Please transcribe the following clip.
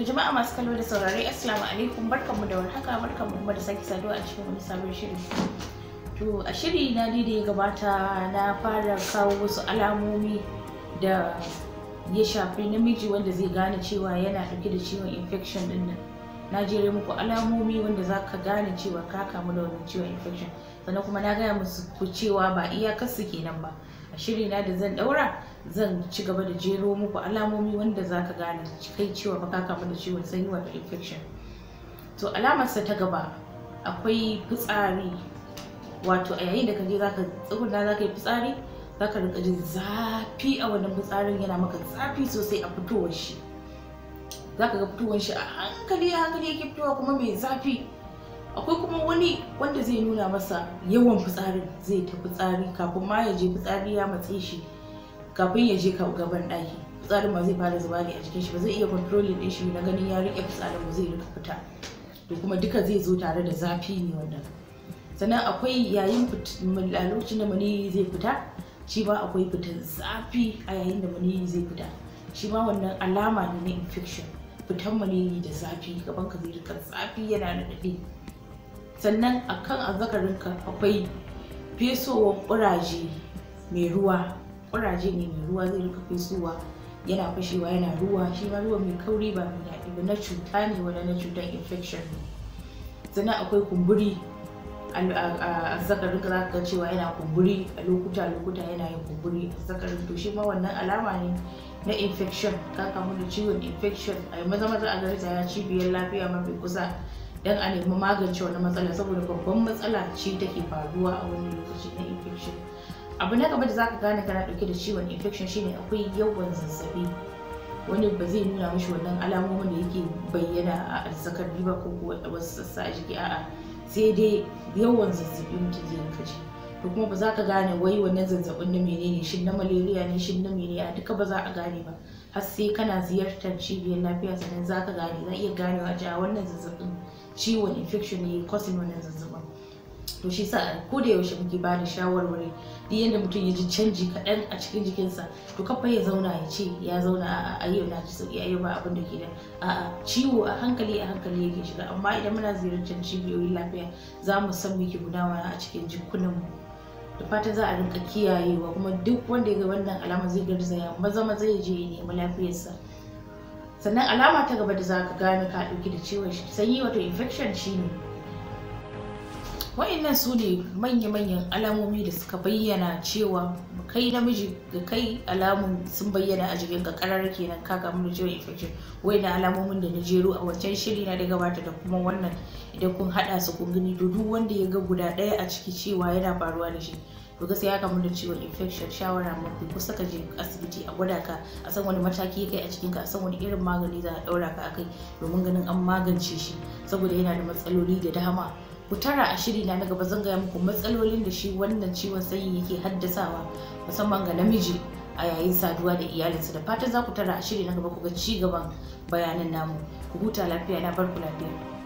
To jama'a masu kallo da saurare assalamu alaikum barkanmu da warhaka barkanmu kuma da sake saduwa a cikin wani sabon shiri. To a shiri na ni da ya gabata na fara kawo wasu alamomi da ya shafi namiji wanda zai gane cewa yana ɗauke da ciwon infection ɗin nan. Na jere muku alamomi wanda za ka gane cewa ka kamu da wannan ciwon infection sannan kuma na gaya musu ku cewa ba iyakarsu kenan ba. shiri na da zan daura zan ci gaba da jero muku alamomi wanda za ka gane kai cewa ba ka kamu da ciwon sanyi wato infection to alamarsa ta gaba akwai fitsari wato a yayin da ka je za ka tsuguna za ka yi fitsari za ka rika jin zafi a wannan fitsarin yana maka zafi sosai a fitowar shi za ka ga fitowar shi a hankali a hankali yake fitowa kuma mai zafi akwai kuma wani wanda zai nuna masa yawan fitsarin zai ta fitsari kafin ma ya je fitsari ya matse shi kafin ya je gaban ɗaki fitsarin ba zai fara zuba ne a jikin shi ba zai iya controlling ɗin shi na ganin ya riƙe fitsarin ba zai rika fita to kuma duka zai zo tare da zafi ne wannan sannan akwai yayin a lokacin da maniyi zai fita shi ba akwai fitan zafi a yayin da maniyi zai fita shi ma wannan alama ne na infection fitan maniyi da zafi gaban ka zai rika zafi yana da daɗe sannan a kan azzakarinka akwai fesowar ƙuraje mai ruwa ƙuraje ne mai ruwa zai rika fesowa yana fashewa yana ruwa shi ma ruwa mai kauri ba mai daɗi ba na cuta ne wani na cutar infection ne sannan akwai kumburi a zakarinka za ka cewa yana kumburi a lokuta lokuta yana yin kumburi a zakarin to shi ma wannan alama ne na infection ka kamu da ciwon infection a maza maza a garita ya cibiyar lafiya mafi kusa don a nemi magance wani matsala saboda babban matsala ce take faruwa a wani lokaci na infection abu na gaba da zaka gane kana dauke da ciwon infection shine akwai yawan zazzabi wani ba zai nuna mishi wannan alamomin da yake bayyana a azzakar ba ko wasu sassa a jiki a'a sai dai yawan zazzabi mutum zai rinka ji to kuma ba za ka gane wai wannan zazzabin na menene shin na malaria ne shin na menene duka ba za a gane ba har sai kana ziyartar cibiyar lafiya sannan za ka gane za iya ganewa a wannan zazzabin ciwon infection ne kwasin wannan zazzabin to shi sa ko da yaushe muke ba da shawarwari duk yadda mutum ya ji canji kaɗan a cikin jikinsa to kafa ya zauna ya ce ya zauna a yau na ji sauki a yau ba abin da ke da a'a ciwo a hankali a hankali yake shiga amma idan muna ziyartar cibiyoyin lafiya za mu san me ke a cikin jikunanmu da fatan za a rinka kiyayewa kuma duk wanda ya ga wannan alama zai garzaya maza maza ya je ya nemi lafiyarsa sannan alama ta gaba da za ka gane ka ɗauki da ciwon sanyi wato infection shi ne. wa'annan su ne manya-manyan alamomi da suka bayyana cewa kai namiji ga kai alamun sun bayyana a jikin ka karar kenan ka kamu da ciwon infection wa'annan alamomin da na jero a wancan shiri na da gabata da kuma wannan idan kun hada su kun gani duk wanda ya ga guda daya a ciki cewa yana faruwa da shi to gaskiya ya kamu da ciwon infection shawara mafi kusa ka je asibiti a gwada ka a san wani mataki kai a cikin ka a san wani irin magani za a daura ka akai domin ganin an magance shi saboda yana da matsaloli da dama ku tara a shiri na gaba zan gaya muku matsalolin da shi wannan ciwon sanyi yake haddasawa musamman ga namiji a yayin saduwa da iyalinsa da fatan za ku tara a shiri na gaba ku ga ci gaban bayanan namu ku huta lafiya na barku lafiya